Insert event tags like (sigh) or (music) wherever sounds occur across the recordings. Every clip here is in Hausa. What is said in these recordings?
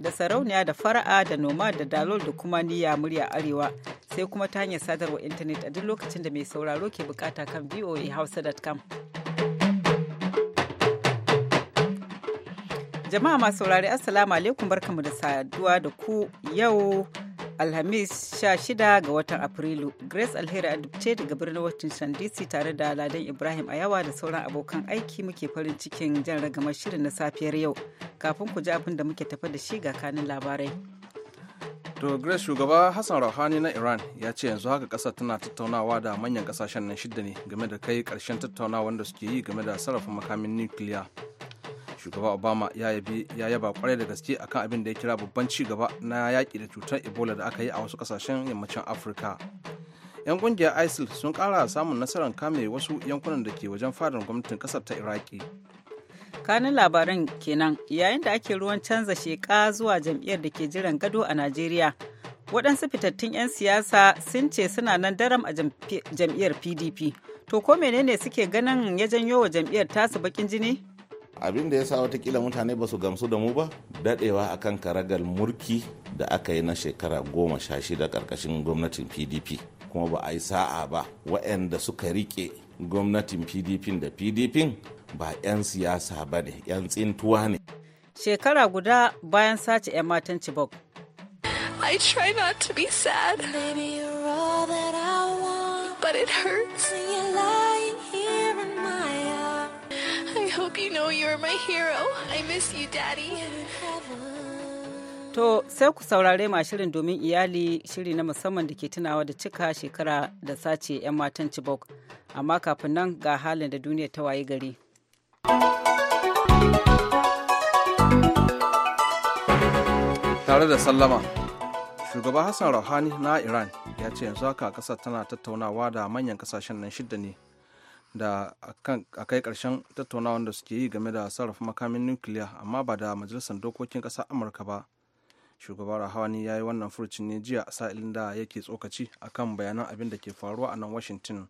da sarauniya da fara'a da noma da dalol da kuma niyya murya arewa sai kuma ta hanyar sadarwa intanet a duk lokacin da mai sauraro ke bukata kan voahausa.com. Jama'a masu saurari Assalamu alaikum barkamu da saduwa da ku yau Alhamis 16 ga watan Afrilu. Grace Alheri Adubce daga birnin Washington DC tare da Ladan Ibrahim Ayawa da sauran abokan aiki muke farin cikin jan ragamar shirin na safiyar yau. Kafin ku ji abin da muke tafa da shi ga kanin labarai. To Grace shugaba Hassan Rouhani na Iran ya ce yanzu haka kasar tana tattaunawa da manyan kasashen nan shida ne game da kai karshen tattaunawa da suke yi game da sarrafa makamin nukiliya. shugaba obama ya yaba kwarai da gaske akan abin da ya kira babban ci gaba na yaƙi da cutar ebola da aka yi a wasu ƙasashen yammacin afirka 'yan kungiyar isil sun kara samun nasarar kame wasu yankunan da ke wajen fadar gwamnatin kasar ta iraki kanin labaran kenan yayin da ake ruwan canza sheka zuwa jam'iyyar da ke jiran gado a najeriya waɗansu fitattun 'yan siyasa sun ce suna nan daram a jam'iyyar pdp to ko menene suke ganin ya janyo wa jam'iyyar tasu bakin jini abin da ya sa watakila mutane ba su gamsu da mu ba dadewa kan karagal mulki da aka yi na shekara goma sha shida karkashin gwamnatin pdp kuma ba a yi sa'a ba waɗanda suka rike gwamnatin pdp da pdp ba 'yan siyasa ba ne 'yan tsintuwa ne shekara guda bayan sace 'yan matan chibok I try not to be sad, Baby, but it hurts. hope you know you're my hero. I miss you, Daddy. To sai ku saurare ma shirin domin iyali shiri na musamman da ke tunawa da cika shekara da sace 'yan matan Chibok. Amma kafin nan ga halin da duniya ta waye gari. Tare da sallama, shugaba Hassan Rouhani na Iran ya ce yanzu haka kasar tana tattaunawa da manyan kasashen nan shidda ne da a kai karshen tattaunawar da suke yi game da sarrafa makamin nukiliya amma ba da majalisar dokokin ƙasar amurka ba shugaban rahawani ya yi wannan furucin ne jiya a sa'ilin da yake tsokaci akan bayanan abin da ke faruwa a nan washington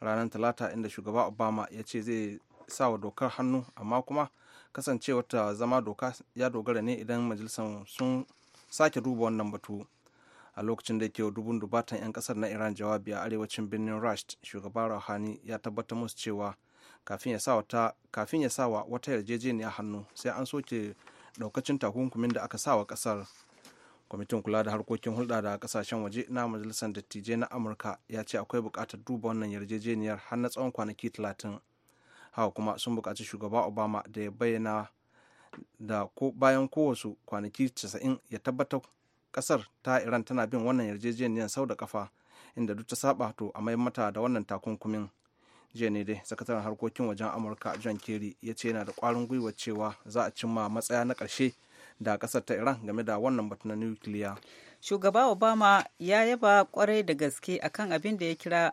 ranar talata inda shugaba obama ya ce zai sa wa dokar hannu amma kuma kasancewar ta zama doka ya dogara ne idan majalisar sun sake duba wannan batu a lokacin da yake dubun dubatan 'yan kasar na iran jawabi a arewacin birnin rasht shugaba ruhani ya tabbatar musu cewa kafin ya sa wa wata yarjejeniya hannu sai an soke daukacin takunkumin da aka sa wa kasar kwamitin kula da harkokin hulɗa da kasashen waje na majalisar dattijai na amurka ya ce akwai buƙatar duba wannan yarjejeniyar har na tsawon kwanaki talatin hawa kuma sun buƙaci shugaba obama da ya bayyana da bayan kowasu kwanaki 90 ya tabbatar kasar ta iran tana bin wannan yarjejeniyar sau da kafa inda duk ta saba to a mai mata da wannan takunkumin jiya ne dai sakataren harkokin wajen amurka john kerry ya ce yana da kwarin gwiwa cewa za a cimma matsaya na karshe da kasar ta iran game da wannan batu na nukiliya shugaba obama ya yaba kwarai da gaske akan abin da ya kira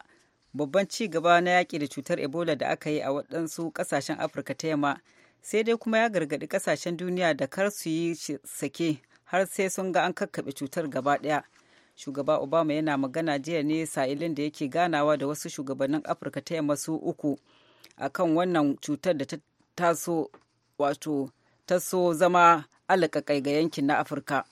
babban ci gaba na yaƙi da cutar ebola da aka yi a waɗansu ƙasashen afirka ta yamma sai dai kuma ya gargaɗi ƙasashen duniya da kar su yi sake har sai sun ga an kakkaɓe cutar gaba ɗaya shugaba obama yana magana jiya ne sa'ilin da yake ganawa da wasu shugabannin afirka ta yamma su uku akan wannan cutar da ta taso wato ta so zama alaƙaƙai ga yankin na afirka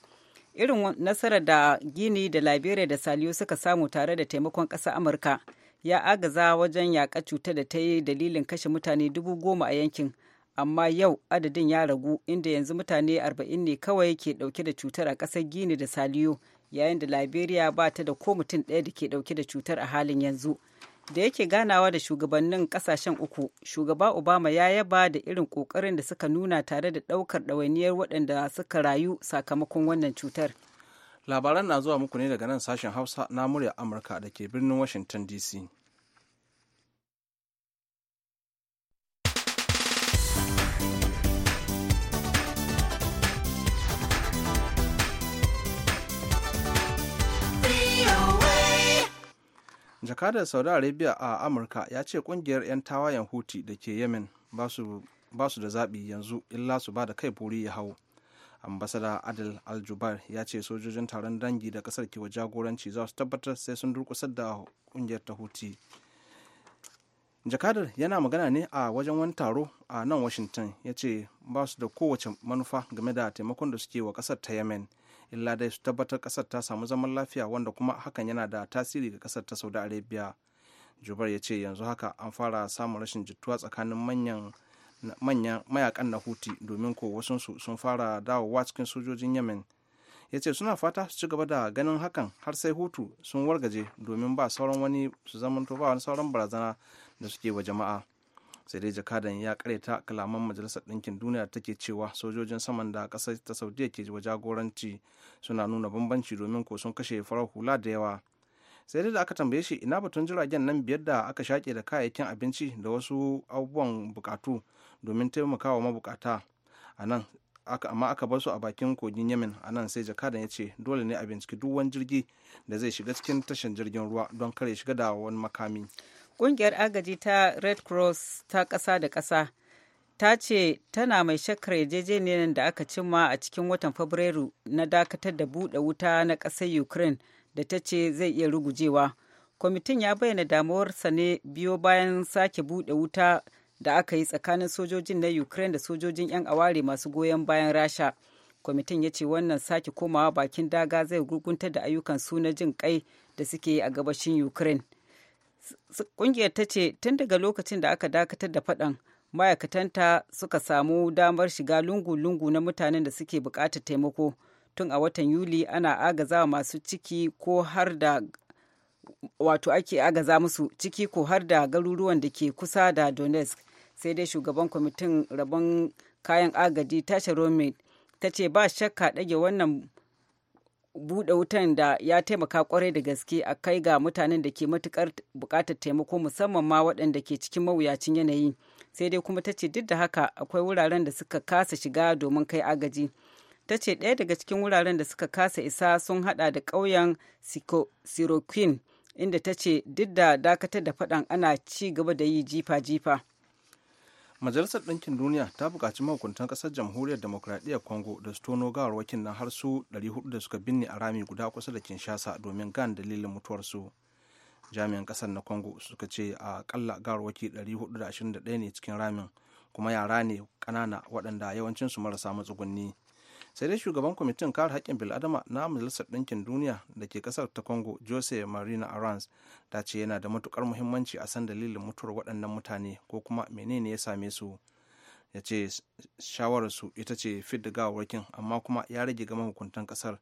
irin nasarar da gini da liberia da saliyo suka samu tare da taimakon ƙasa amurka ya agaza wajen yaƙa cutar da ta yi dalilin kashe mutane dubu goma a yankin amma yau adadin ya ragu inda yanzu mutane 40 ne kawai ke dauke da cutar a kasar gini da saliyo yayin da liberia ba ta da ko mutum ɗaya da ke dauke da cutar a halin yanzu da yake ganawa da shugabannin kasashen uku shugaba obama ya yaba da irin kokarin da suka nuna tare da daukar ɗawainiyar waɗanda suka rayu sakamakon wannan cutar labaran na zuwa muku ne daga nan sashen hausa na murya amurka da ke birnin washington dc jakadar saudi arabia a amurka ya ce kungiyar 'yan tawayen huti da ke yemen ba su da zaɓi yanzu illa su ba da kai buri ya hau ambasada adil aljubar ya ce sojojin taron dangi da ƙasar ke jagoranci za su tabbatar sai sun durkusar da kungiyar ta huti jakadar yana magana ne a wajen wani taro a nan washington ya ce ba su da kowace manufa game da taimakon da suke wa ƙasar ta yemen illa dai su tabbatar kasar ta samu zaman lafiya wanda kuma hakan yana da tasiri ga kasar ta saudi arabia jubar ya ce yanzu haka an fara samun rashin jituwa tsakanin manyan mayakan na huti domin ko wasu sun fara dawowa cikin sojojin yemen ya ce suna fata su ci gaba da ganin hakan har sai hutu sun wargaje domin ba sauran wani su zamanto ba wani sauran barazana da suke wa jama'a sai dai jakadan ya karyata kalaman majalisar ɗinkin duniya da take cewa sojojin saman da ƙasar ta saudiya ke wa jagoranci suna nuna bambanci domin ko sun kashe farar hula da yawa sai dai da aka tambaye shi ina batun jiragen nan biyar da aka shaƙe da kayayyakin abinci da wasu abubuwan bukatu domin taimakawa mabukata a nan amma aka bar su a bakin kogin yamin a nan sai jakadan ya ce dole ne a binciki duk wani jirgi da zai shiga cikin tashin jirgin ruwa don kare shiga da wani makami Ƙungiyar agaji ta Red Cross ta ƙasa da ƙasa ta ce tana mai shakkar yarjejeniyar da aka cimma a cikin watan Fabrairu na dakatar da buɗe wuta na ƙasar Ukraine da ta ce zai iya rugujewa. Kwamitin ya bayyana damuwarsa ne biyo bayan sake buɗe wuta da aka yi tsakanin sojojin na Ukraine da sojojin 'yan aware masu goyon bayan Rasha. Kwamitin ya ce wannan sake komawa bakin daga zai gurgunta da ayyukan su na jin kai da suke yi a gabashin Ukraine. Ƙungiyar ta ce tun daga lokacin da aka dakatar da faɗan ma'aikatanta suka samu damar shiga lungu-lungu na mutanen da suke bukatar taimako tun a watan yuli ana agaza masu ciki ko har da wato ake agaza musu ciki ko har da garuruwan da ke kusa da donetsk sai dai shugaban kwamitin rabon kayan agaji tasha rome ta ce ba shakka ɗage wannan buɗe wutan da ya taimaka kwarai da gaske a kai ga mutanen da ke matukar buƙatar taimako musamman ma waɗanda ke cikin mawuyacin yanayi sai dai kuma ta ce duk da haka akwai wuraren da suka kasa shiga domin kai agaji ta ce ɗaya daga cikin wuraren da suka kasa isa sun hada da ƙauyen siroquin inda ta ce duk da dakatar da faɗan ana ci gaba da yi jifa-jifa majalisar ɗinkin duniya ta buƙaci mahukuntan ƙasar jamhuriyar demokradiyyar congo da su tono gawarwakin nan har su 400 da suka binne a rami guda kusa da kinshasa domin gan dalilin mutuwarsu jami'an ƙasar na congo suka ce a ƙalla gawarwaki 421 ne cikin ramin kuma yara ne ƙanana waɗanda yawancinsu marasa matsugunni sai dai shugaban kwamitin kare haƙƙin bil'adama na majalisar ɗinkin duniya da ke ƙasar ta congo jose marina arans ta ce yana da matukar muhimmanci a san dalilin mutuwar waɗannan mutane ko kuma menene ya same su ya ce shawararsu ita ce fit da gawarwakin amma kuma ya rage gama hukuntan ƙasar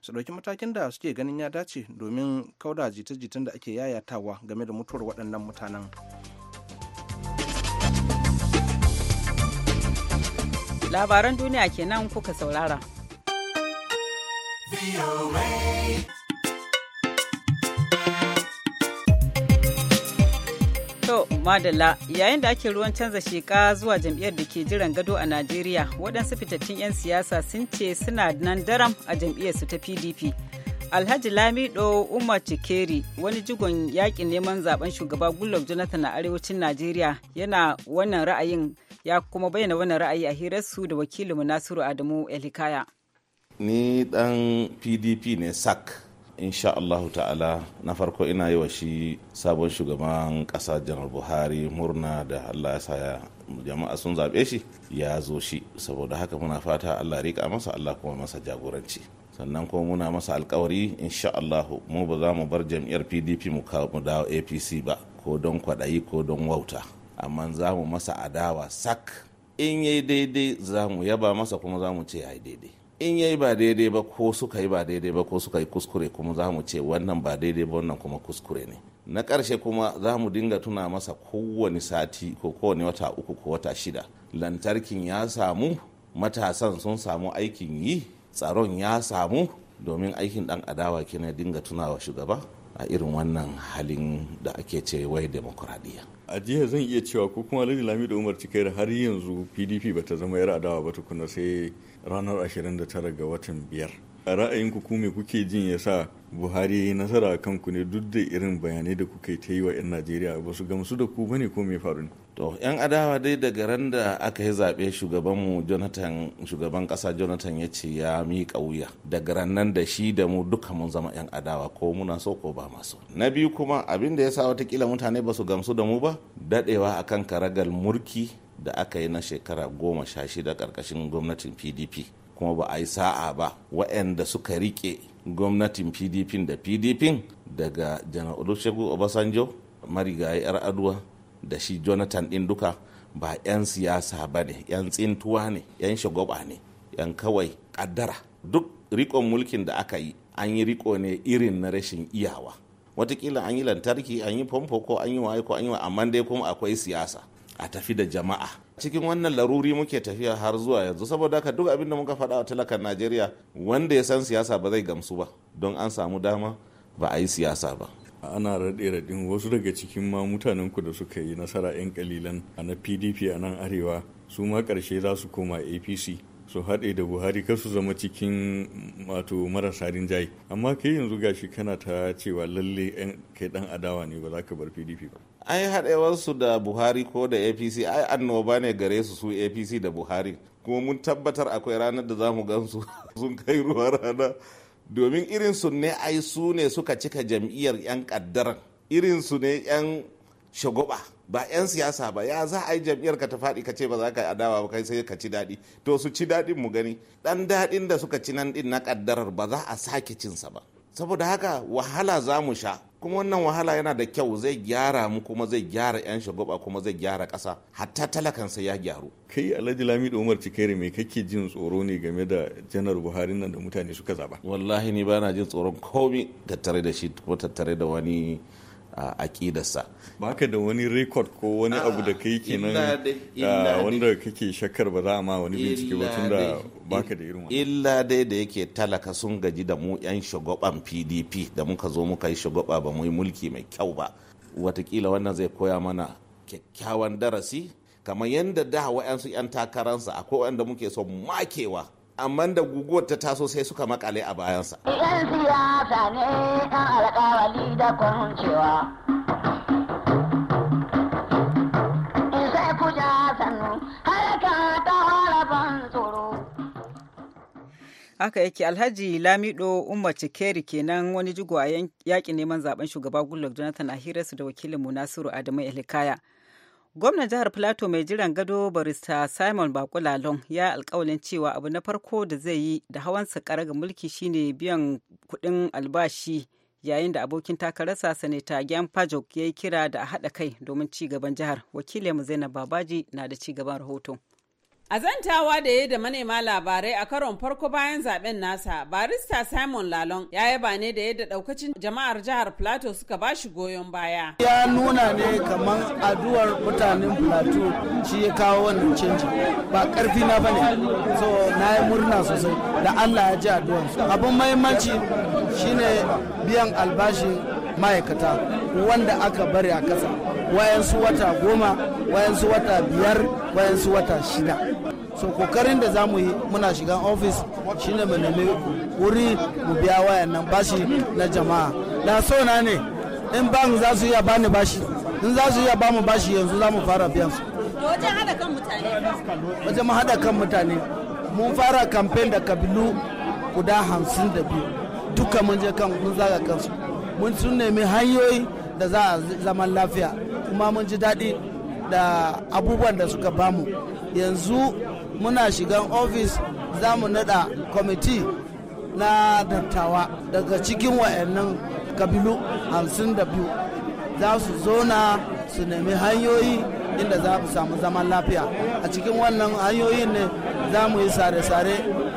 su ɗauki matakin da suke ganin ya dace domin kauda jita-jitan da ake yayatawa game da mutuwar waɗannan mutanen labaran duniya kenan kuka saurara. To, madala yayin da ake ruwan canza sheka zuwa jam'iyyar da ke jiran gado a Najeriya, waɗansu fitattun 'yan siyasa sun ce suna nan daram a jam'iyyarsu ta PDP. Alhaji Lamido Umar Cikeri wani jigon yakin neman zaben shugaba Goodluck Jonathan a arewacin Najeriya yana wannan ra'ayin ya kuma bayyana wannan ra'ayi a hirarsu da wakilinmu Nasiru Adamu Elikaya. Ni dan PDP ne sak insha Allahu ta'ala na farko ina yi wa shi sabon shugaban ƙasa janar buhari murna da allah ya sa jama'a sun zaɓe shi ya zo shi saboda haka muna fata allah rika masa allah kuma masa jagoranci sannan kuma muna masa alkawari insha Allahu mu ba za mu bar jam'iyyar PDP mu dawo APC ba ko don kwaɗayi ko don wauta amma za mu masa adawa sak in yayi daidai za mu yaba masa kuma za mu ce yayi daidai in yayi ba daidai ba ko suka yi ba daidai ba ko suka yi kuskure kuma za mu ce wannan ba daidai ba wannan kuma kuskure ne na ƙarshe kuma za mu dinga tuna masa kowane sati ko kowane wata uku ko wata shida lantarkin ya samu matasan sun samu aikin yi tsaron ya samu domin aikin dan adawa ke dinga tunawa shugaba a irin wannan halin da ake ce wai demokuraɗiyya. a jiya zan iya cewa ko kuma lami da umar cikai har yanzu pdp ba ta zama yar adawa ba tukuna sai ranar 29 ga watan biyar a ra'ayinku ku me kuke jin ya sa buhari ya yi nasara a kanku ne duk da irin bayanai da kuka ta yi wa 'yan najeriya ba su gamsu da ku bane ko me faru ne to 'yan adawa dai daga ran da aka yi zaɓe shugabanmu jonathan shugaban ƙasa jonathan ya ce ya miƙa wuya daga ran nan da shi da mu duka mun zama 'yan adawa ko muna so ko ba masu na biyu kuma abin da ya sa watakila mutane ba su gamsu da mu ba daɗewa akan karagal mulki da aka yi na shekara goma sha shida ƙarƙashin gwamnatin pdp kuma ba a yi sa'a ba waɗanda suka rike gwamnatin pdp da pdp daga janar olusegun obasanjo marigayi yar aduwa da shi jonathan ɗin duka ba 'yan siyasa ba ne 'yan tsintuwa ne 'yan shagwaba ne 'yan kawai kaddara. duk rikon mulkin da aka yi an yi riko ne irin na rashin iyawa watakila an yi lantarki an yi famfo ko an yi waye ko an yi amma dai kuma akwai siyasa a tafi da jama'a cikin wannan laruri muke tafiya har zuwa yanzu saboda haka duk abin da muka faɗa a talakan najeriya wanda ya san siyasa ba zai gamsu ba don an samu dama ba a yi siyasa ba ana raɗe raɗin wasu daga cikin ma mutanen ku da suka yi nasara 'yan kalilan a na pdp a nan arewa su ma ƙarshe za su koma apc su haɗe da buhari kar su zama cikin wato marasa rinjaye amma kai yanzu gashi kana ta cewa lalle kai dan adawa ne ba za ka bar pdp ba ai haɗewarsu da buhari ko da apc ai annoba ne gare su su apc da buhari kuma mun tabbatar akwai ranar da za mu gansu (laughs) sun kai ruwa rana domin irin su ne ai su ne suka cika jam'iyyar 'yan irin su ne 'yan shagoba ba 'yan siyasa ba ya za a yi jam'iyyar ka ta faɗi ka ce ba za ka yi adawa ba kai sai ka ci daɗi to su ci daɗin mu gani ɗan daɗin da suka ci nan ɗin na ƙaddarar ba za a sake cinsa ba saboda haka wahala za mu sha kuma wannan wahala yana da kyau zai gyara mu kuma zai gyara 'yan shagoba kuma zai gyara ƙasa hatta talakan sai ya gyaru kai alhaji lamido umar cikere me kake jin tsoro ne game da janar buhari nan da mutane suka zaba wallahi ni bana jin tsoron komi tattare da shi ko tattare da wani aƙidarsa ba ka da wani rekod ko wani ah, abu da kai kenan ah, wanda kake shakkar ba za a ma wani bincike ba tun da ba ka da irin wani illa dai da yake talaka sun gaji da mu 'yan shugaban pdp da muka zo muka yi shugaba ba mu yi mulki mai kyau ba watakila wannan zai koya mana kyakkyawan darasi kamar yadda da wa'yansu 'yan takaransa akwai wanda muke son makewa amma da guguwar ta taso sai suka makale a bayansa. Yan siyasa ne yan alƙawari da kwancewa. In sai sannu, ta tsoro. Haka yake Alhaji Lamido Umar Cikeri kenan wani jigo a yaƙi neman zaben shugaba Goodluck Jonathan a hirarsu da wakilinmu Nasiru Adamu Elikaya. Gwamnan jihar Plateau mai jiran gado barista Simon Bakulalon ya alkawalin cewa abu na farko da zai yi da hawan hawansa ga mulki shine biyan kuɗin albashi yayin da abokin takararsa sanita Gyan Pajok ya yi kira da a haɗa kai domin ci gaban jihar. Wakilinmu Zainab Babaji na da ci gaban rahoton. A zantawa da ya da manema labarai a karon farko bayan zaben nasa, barista Simon Lalon ya yaba ne da yadda daukacin jama'ar jihar Plateau suka ba shi goyon baya. Ya nuna ne kamar aduwar mutanen Plateau shi ya kawo wannan canji. Ba karfi na bane. So na yi murna sosai da Allah ya ji aduwar. Abin mahimmanci shine biyan albashin ma'aikata wanda aka bari a kasa. Wayansu wata goma, wayansu wata biyar, wayansu wata shida. so kokarin da za mu yi muna shiga ofis shine mu nemi wuri mu biya wayan nan bashi na jama'a da so na ne in bank za su iya bani bashi in za su iya ba mu bashi yanzu za mu fara biyan su wajen hada kan mutane wajen mu hada kan mutane mun fara kamfen da kabilu guda hamsin da biyu duka mun je kan mun zaga kansu mun sun nemi hanyoyi da za a zaman lafiya kuma mun ji daɗi da abubuwan da suka bamu yanzu muna shigan ofis za mu nada kwamiti na dattawa daga cikin wa'annan kabilu hamsin da biyu za su zona su nemi hanyoyi inda za mu samu zaman lafiya a cikin wannan hanyoyin ne za mu yi sare-sare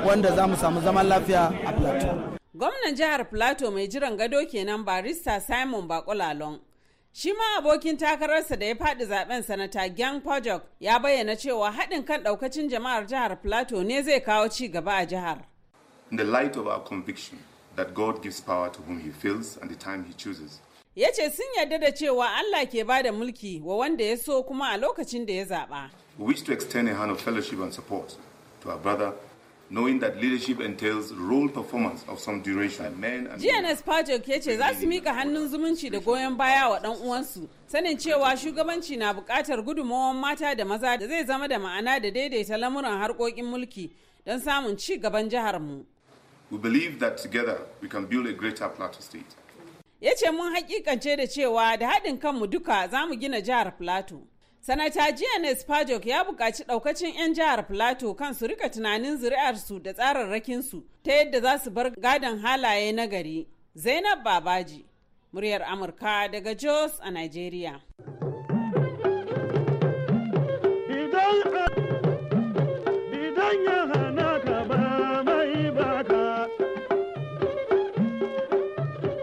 wanda za mu samu zaman lafiya a plateau gwamnan jihar plateau mai jiran gado kenan barista simon bakulalon Shi ma abokin takararsa da ya faɗi zaben sanata Gyang Pajok ya bayyana cewa haɗin kan ɗaukacin jama'ar jihar Plateau ne zai kawo ci gaba a jihar. In the light of our conviction that God gives power to whom he feels and the time he chooses. Ya ce sun yarda da cewa Allah ke ba da mulki wa wanda ya so kuma a lokacin da ya zaɓa. We wish to extend a hand of fellowship and support to our brother knowing that leadership entails role performance of some duration. GNS Pajok ya ce za su mika hannun zumunci da goyon baya wa ɗan uwansu, sanin cewa shugabanci na buƙatar gudunmawar mata da maza da zai zama da ma'ana da daidaita lamuran harkokin mulki don samun ci gaban jihar mu. We believe that together we can build a greater Plateau state. Ya ce mun hakikance da cewa da haɗin kanmu duka za mu gina jihar Plateau. Sanata jiya GNS Pajok ya buƙaci ɗaukacin 'yan jihar Plateau kan su rika tunanin zuri'arsu da tsararrakinsu ta yadda za su bar gadon halaye na gari. Zainab Babaji, muryar Amurka daga Jos a Nigeria.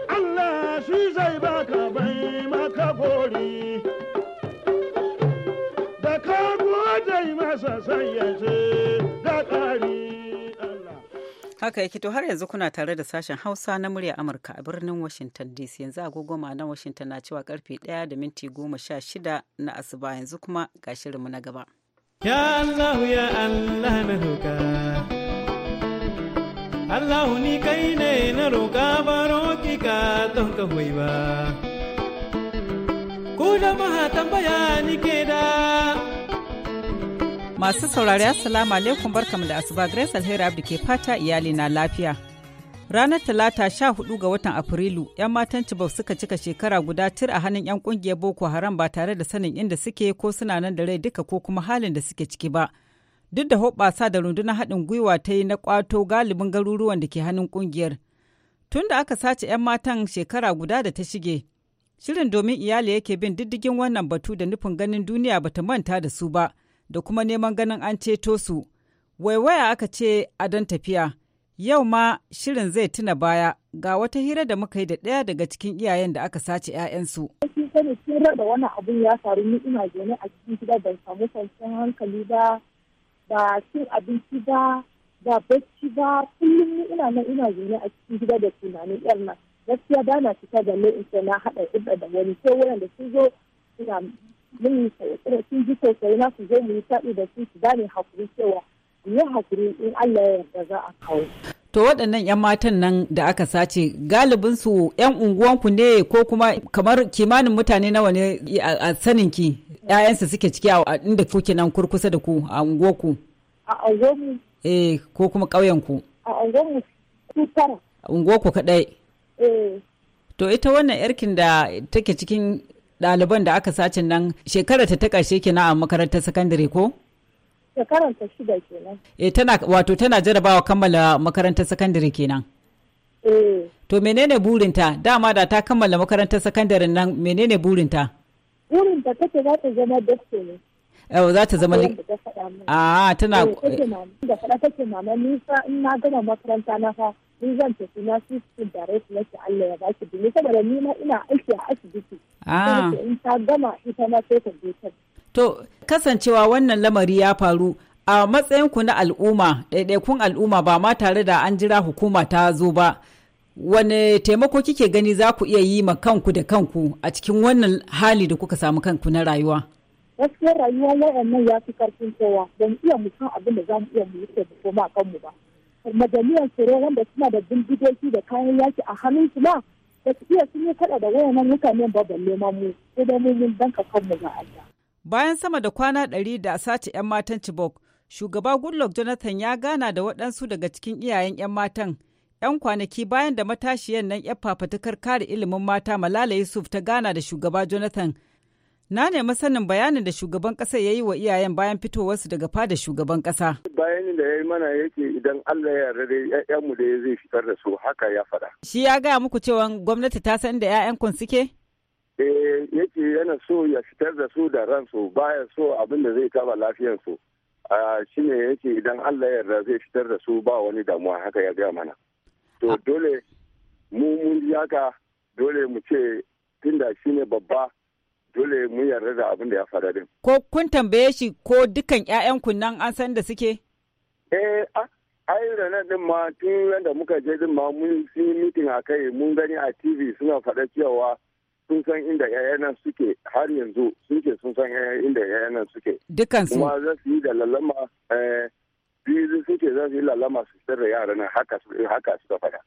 Allah shi zai baka bai maka Haka yake to har yanzu kuna tare da sashen Hausa na murya Amurka a birnin Washington DC yanzu agogo ma'anar Washington na cewa karfe 1 da minti 16 na asuba yanzu kuma ga shirinmu na gaba. Ya Allah ya Allah na roƙa Allah ni kai ne na roƙa baro ki ka don ka hoi ba Ku jama'a tambaya ni ke da Masu saurari Assalamu alaikum barkamu da asuba Grace Alheri Abdi ke fata iyali na lafiya. Ranar Talata 14 ga watan Afrilu, 'yan matan Cibau suka cika shekara guda tir a hannun 'yan kungiyar Boko Haram ba tare da sanin inda suke ko suna nan da rai duka ko kuma halin da suke ciki ba. Duk da hoɓɓasa da rundunar haɗin gwiwa ta yi na kwato galibin garuruwan da ke hannun kungiyar. Tun da aka sace 'yan matan shekara guda da ta shige, shirin domin iyali yake bin diddigin wannan batu da nufin ganin duniya bata manta da su ba. da kuma neman ganin an ceto su waiwaya aka ce a don tafiya yau ma shirin zai tuna baya ga wata hira da muka yi da ɗaya daga cikin iyayen da aka sace 'ya'yansu. Sun sani sun rada wani abun ya faru ni ina zaune a cikin gida ban samu kwanciyar hankali ba ba cin abinci ba ba bacci ba kullum ni ina nan ina zaune a cikin gida da tunanin yar nan gaskiya ba na fita da ni in na haɗa ɗiɗa da wani sai wurin da sun zo suna mun yi sauƙi sun ji sosai na su zo mu yi taɗi da su su gane hakuri cewa yi hakuri in Allah ya yarda za a kawo. To waɗannan 'yan matan nan da aka sace galibin su 'yan unguwanku ne ko kuma kamar kimanin mutane nawa ne a saninki ƴaƴansu suke ciki a inda kuke nan kurkusa da ku a unguwanku. A unguwanku. Eh ko kuma ƙauyenku. A unguwanku. su tara. A unguwanku kaɗai. Eh. To ita wannan yarkin da take cikin ɗaliban da aka sace nan shekara ta ta ƙarshe kenan a makarantar sakandare ko? Shekarar ta shida kenan. E tana wato tana jarabawa kammala makarantar sakandare kenan. E. To menene burinta? Dama da ta kammala makarantar sakandare nan menene burinta? Burinta take za ta zama dokta ne. yau za ta zama a tana da eh, fada take mama nisa in na gama makaranta na fa ni zan tafi na su su dare su nake Allah ya baki dole saboda ni ma ina aiki a asibiti ah. a in ta gama ita na sai ta je to kasancewa wannan lamari ya faru a matsayinku na al'umma ɗaiɗaikun al'umma ba ma tare da an jira hukuma ta zo ba wane taimako kike gani za ku iya yi ma kanku da kanku a cikin wannan hali da kuka samu kanku na rayuwa gaskiyar rayuwa waɗannan ya fi karfin kowa don iya mutum abin da za mu iya mu da koma kanmu ba majaliyar tsoro wanda suna da bindigogi da kayan yaki a hannun su ma gaskiya sun yi kada da wayannan mutanen ba balle mu ko da mun danka kanmu ga Allah bayan sama da kwana ɗari da sace 'yan matan Chibok, shugaba Goodluck Jonathan ya gana da waɗansu daga cikin iyayen 'yan matan. 'Yan kwanaki bayan da matashiyan nan 'yan fafatukar kare ilimin mata Malala Yusuf ta gana da shugaba Jonathan Na nemi sanin bayanin da shugaban ƙasa ya yi wa iyayen bayan fitowarsu daga fada shugaban ƙasa. Bayanin da ya yi mana yake idan Allah ya yarda ‘ya'yanmu da ya zai fitar da su haka ya faɗa. Shi ya gaya muku cewa gwamnati ta san da ‘ya'yankun suke? Eh yake yana so ya fitar da su da ransu baya so abin da zai taɓa lafiyarsu. Ah, shi ne yake idan Allah ya yarda zai fitar da su ba wani damuwa haka ya gaya mana. To ah. dole mu mun haka dole mu ce tunda shi ne babba dole mun yarda da abin da ya faru din. Ko kun tambaye shi ko dukan 'ya'yan kunnan an san da suke? Eh, ai rana din ma tun yadda muka je din ma mun yi mitin a kai mun gani a TV suna faɗa cewa sun san inda 'ya'yan suke har yanzu sun sun san inda 'ya'yan suke. Dukan su. Kuma za su yi da lalama eh biyu suke za su yi lalama su tsirra yaran nan haka suka faɗa.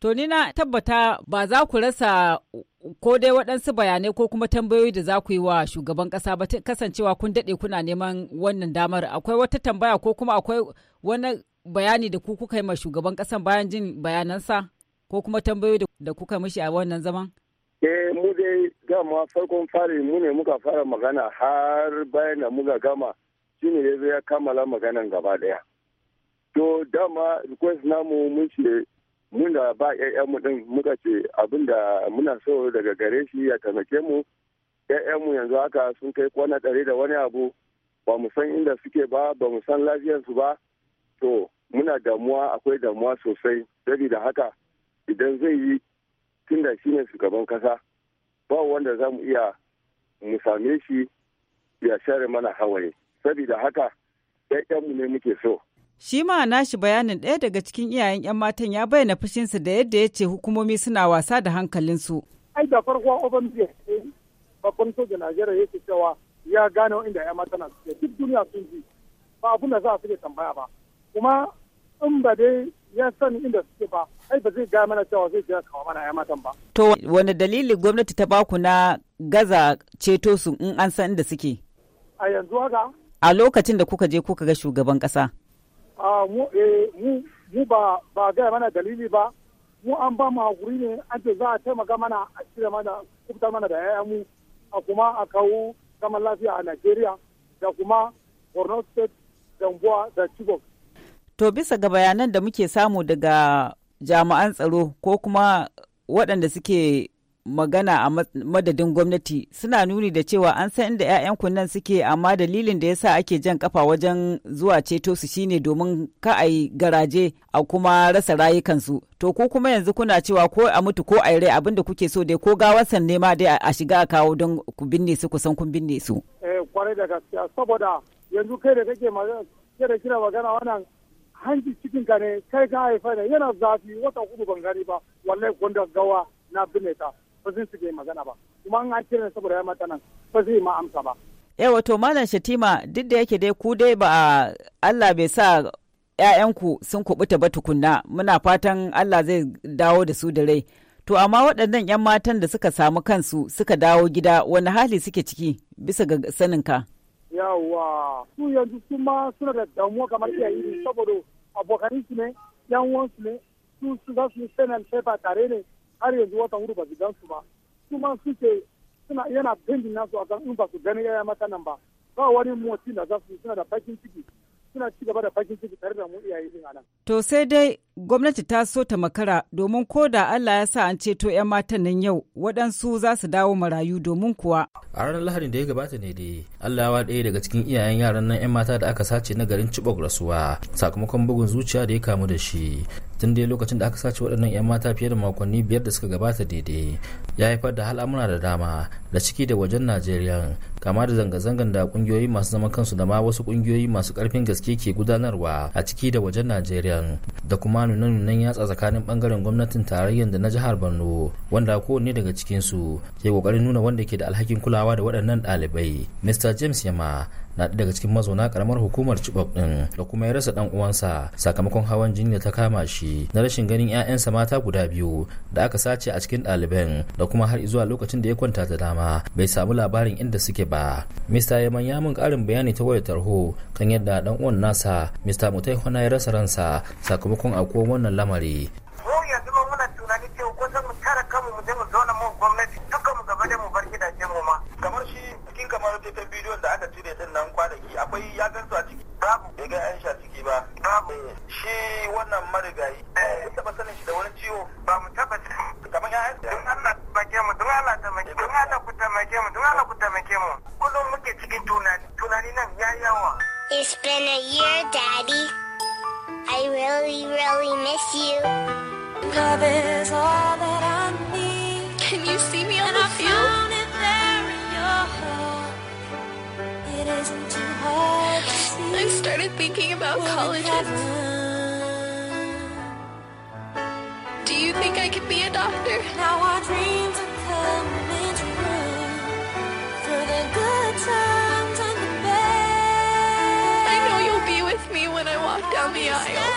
To ni na tabbata ba za ku rasa ko dai waɗansu bayanai ko kuma tambayoyi da za ku yi wa shugaban ƙasa ba kasancewa kun daɗe kuna neman wannan damar akwai wata tambaya ko kuma akwai wani bayani da ku kuka yi ma shugaban ƙasan bayan jin bayanansa ko kuma tambayoyi da kuka mishi a wannan zaman? Eh mu dai dama farkon fari mu ne muka fara magana har bayan da muka gama shi ne ya kammala maganan gaba ɗaya. To dama request namu mun ce muna ba mu din muka ce abin da muna so daga gare shi ya taimake mu mu yanzu haka sun kai kwana ɗari da wani abu ba mu san inda suke ba ba mu san lafiyarsu ba to muna damuwa akwai damuwa sosai sabida haka idan zai yi tun da shi ne shugaban kasa ba wanda za mu iya mu same shi ya share mana hawaye saboda haka mu ne muke so Shi ma nashi bayanin ɗaya daga cikin iyayen 'yan matan ya bayyana fushinsa da yadda ya ce hukumomi suna wasa da hankalinsu. Ai da farko ce, babban sojan Najeriya yake cewa ya gano inda 'yan matan na duk duniya sun ji ba abun da za a suke tambaya ba. Kuma in ba dai ya sani inda suke ba ai ba zai gaya mana cewa zai je kawo mana 'yan matan ba. To wani dalilin gwamnati ta baku na gaza ceto su in an san inda suke? A yanzu haka. A lokacin da kuka je kuka ga shugaban ƙasa. Eh, mu ba ba gaya mana dalili ba mu an ba mu ne an ce za a taimaka mana a cire mana kubta mana da yaya mu a kuma a kawo zaman lafiya a nigeria da kuma Borno State, Dambuwa da Chibok. To bisa ga bayanan da muke samu daga jami'an tsaro ko kuma waɗanda suke magana a madadin gwamnati suna nuni da cewa an san inda 'ya'yan kunnan suke amma dalilin da ya sa ake jan kafa wajen zuwa ceto su shine domin ka a yi garaje a kuma rasa rayukansu to ko kuma yanzu kuna cewa ko a mutu ko a rai abinda kuke so dai ko gawasan nema dai a shiga a kawo don ku binne su kusan kun binne su eh, kwarai da gaskiya saboda yanzu kai da kake da kira magana wannan hanji cikin ka ne kai ka haifa ne yana zafi wata hudu ban gani ba wallahi gwanda gawa na binne ta ba zai su magana ba kuma nan amsa ba. Yawa to Malam Shatima duk da yake dai ku dai ba Allah bai sa ‘ya'yanku sun kubuta ba tukunna muna fatan Allah zai dawo da su da rai. To amma waɗannan ‘yan matan da suka samu kansu suka dawo gida wani hali suke ciki bisa ga saninka. Yawa su yanzu su ma suna da damuwa kamar yayi saboda abokanin su ne ‘yan su ne su su za su tare ne har yanzu wata hudu ba su gan su ba kuma suke suna yana bendin nasu akan in ba su gani yaya mata nan ba ba wani motsi da za su suna da fakin ciki suna ci gaba da fakin ciki tare da mu iyaye din anan. To sai dai gwamnati ta so ta makara domin ko da Allah ya sa an ceto 'yan matan nan yau waɗansu za su dawo marayu domin kuwa. A ranar Lahadin da ya gabata ne dai Allah ya ɗaya daga cikin iyayen yaran nan 'yan mata da aka sace na garin Chibok rasuwa sakamakon bugun zuciya da ya kamu da shi tun dai lokacin da aka sace waɗannan 'yan mata fiye da makonni biyar da suka gabata daidai ya haifar da al'amura da dama da ciki da wajen najeriya kama da zanga-zangan da kungiyoyi masu zaman kansu da ma wasu kungiyoyi masu karfin gaske ke gudanarwa a ciki da wajen najeriya da kuma nunan-nunan yatsa tsakanin ɓangaren gwamnatin tarayyar da na jihar borno wanda kowanne daga cikinsu ke kokarin nuna wanda ke da alhakin kulawa da waɗannan ɗalibai mr james yama na daga cikin mazauna karamar hukumar Chibok ɗin da kuma ya rasa dan uwansa sakamakon hawan jini da ta kama shi na rashin ganin 'ya'yansa mata guda biyu da aka sace a cikin ɗaliban da kuma har zuwa lokacin da ya kwanta da dama bai samu labarin inda suke ba. Mr. Yaman ya mun ƙarin bayani ta wayar tarho kan yadda dan uwan nasa Mr. Mutai Hona ya rasa ransa sakamakon akwai wannan lamari. Mu tunani zauna mu gwamnati gaba da mu gidajen kamar shi kamar ta bidiyon da aka cire din nan kwanaki akwai ya gansu a ciki babu bai ga yan sha ciki ba babu eh, shi wannan marigayi eh. mun taba sanin shi da wani ciwo ba mu taba kamar ya yan don Allah taimake mu don Allah taimake eh, don Allah ku taimake mu don Allah ku taimake mu kullum muke cikin tunani tunani nan ya yawa It's been a year, Daddy. I really, really miss you. Love is all that I need. Can you see me on the field? I started thinking about colleges. Do you think I could be a doctor? Now our dreams are coming true through the good times and the bad. I know you'll be with me when I walk down the aisle.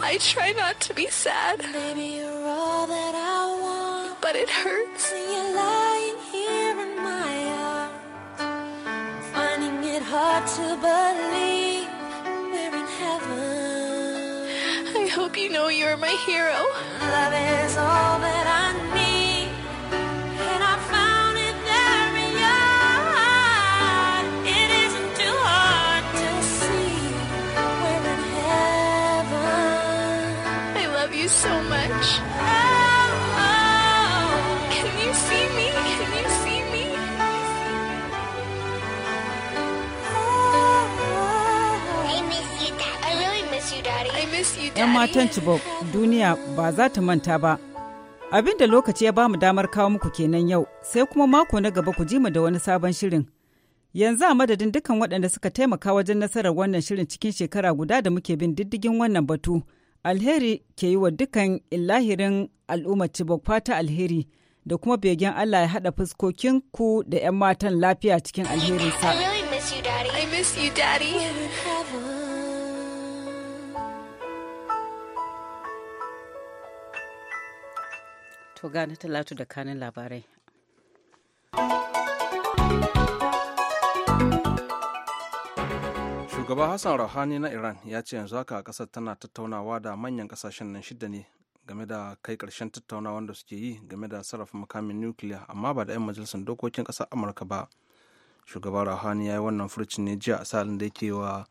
I try not to be sad. But it hurts. hard to believe we're in heaven. I hope you know you're my hero. Love is all that I 'yan matan Chibok duniya ba za ta manta ba. Abin da lokaci ya bamu damar kawo muku kenan yau, sai kuma mako na gaba ku ji mu da wani sabon shirin. Yanzu a madadin dukkan waɗanda suka taimaka wajen nasarar wannan shirin cikin shekara guda da muke bin diddigin wannan batu. Alheri ke yi wa dukkan illahirin al'ummar Chibok fata alheri da kuma begen Allah ya haɗa fuskokin ku da 'yan matan lafiya cikin alherinsa. To gane talatu da kanin labarai. Shugaba Hassan Rouhani na Iran ya ce yanzu haka kasar tana tattaunawa da manyan ƙasashen nan shida ne game da kai ƙarshen tattaunawa da suke yi game da sarrafa makamin nukiliya amma ba da 'yan majalisar dokokin ƙasar Amurka ba. Shugaba Rouhani ya yi wannan furcin ne jiya a salin da yake wa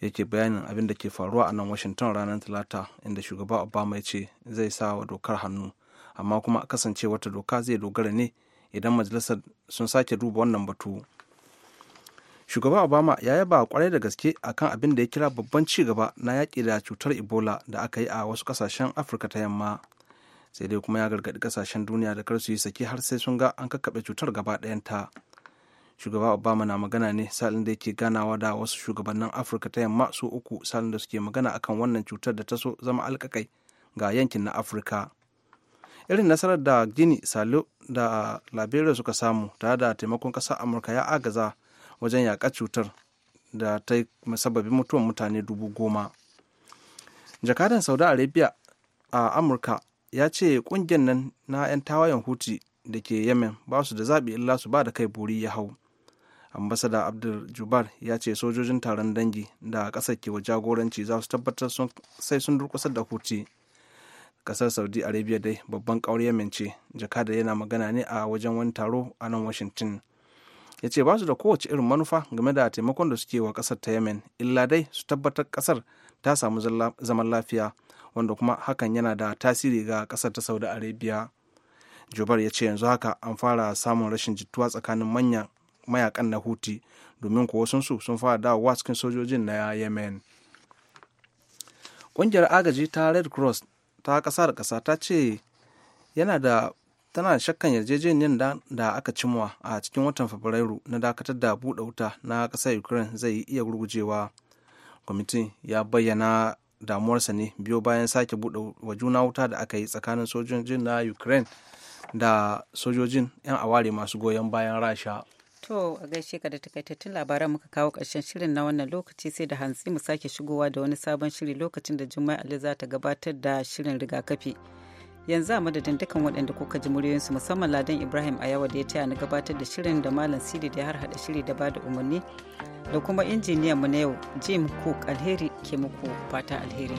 yake bayanin abin da ke faruwa a nan Washington ranar Talata inda shugaba Obama ya ce zai sa wa dokar hannu. amma kuma a kasance wata doka zai dogara ne idan majalisar sun sake duba wannan batu shugaba obama ya yaba kwarai da gaske akan abin da ya kira babban ci gaba na yaƙi da cutar ebola da aka yi a wasu kasashen afirka ta yamma sai dai kuma ya gargaɗi ƙasashen duniya da kar su yi saki har sai sun ga an kakkaɓe cutar gaba ɗayanta shugaba obama na magana ne salin da yake ganawa da wasu shugabannin afirka ta yamma su uku salin da suke magana akan wannan cutar da ta so zama alkakai ga yankin na afirka irin nasarar da gini salo da labera suka samu tare da taimakon ƙasar amurka ya agaza wajen yaƙa cutar da ta yi sababin mutuwan mutane dubu goma jakadan saudi arabia a amurka ya ce ƙungiyar nan na 'yan tawayen huti da ke yamen ba su da zaɓi illa su ba da kai buri ya hau ambasada abdul jubar ya ce sojojin taron dangi da ƙasar ke wa jagoranci za su tabbatar sai sun durkusar da huti kasar saudi arabia dai babban kawar yemen ce jakada yana magana ne a wajen wani taro a nan washington ya ce ba su da kowace irin manufa game da taimakon da suke wa ƙasar ta yemen illa dai su tabbatar ƙasar ta samu zaman lafiya wanda kuma hakan yana da tasiri ga ƙasar ta saudi arabia jobar ya ce yanzu haka an fara samun rashin jituwa tsakanin manyan mayakan na huti domin kuwa su sun fara dawowa cikin sojojin na yemen ƙungiyar agaji ta red cross ta ƙasa da ƙasa ta ce yana da tana shakkan yarjejeniyar da aka cimwa a cikin watan fabrairu na dakatar da buɗe wuta na ƙasa ukraine zai iya gurgujewa kwamitin ya bayyana damuwarsa ne biyo bayan sake buɗe wa juna wuta da aka yi tsakanin sojojin na ukraine da sojojin 'yan aware masu goyon bayan rasha To a gaishe ka da takaitattun labaran muka kawo ƙarshen shirin na wannan lokaci sai da hantsi mu sake shigowa da wani sabon shiri lokacin da Juma'a Ali za ta gabatar da shirin rigakafi. Yanzu a madadin dukkan waɗanda kuka ji muryoyinsu musamman Ladan Ibrahim Ayawa da ya taya na gabatar da shirin da Malam Sidi da ya har hada shiri da bada umarni da kuma injiniyan mu na yau Jim Cook Alheri ke muku fata alheri.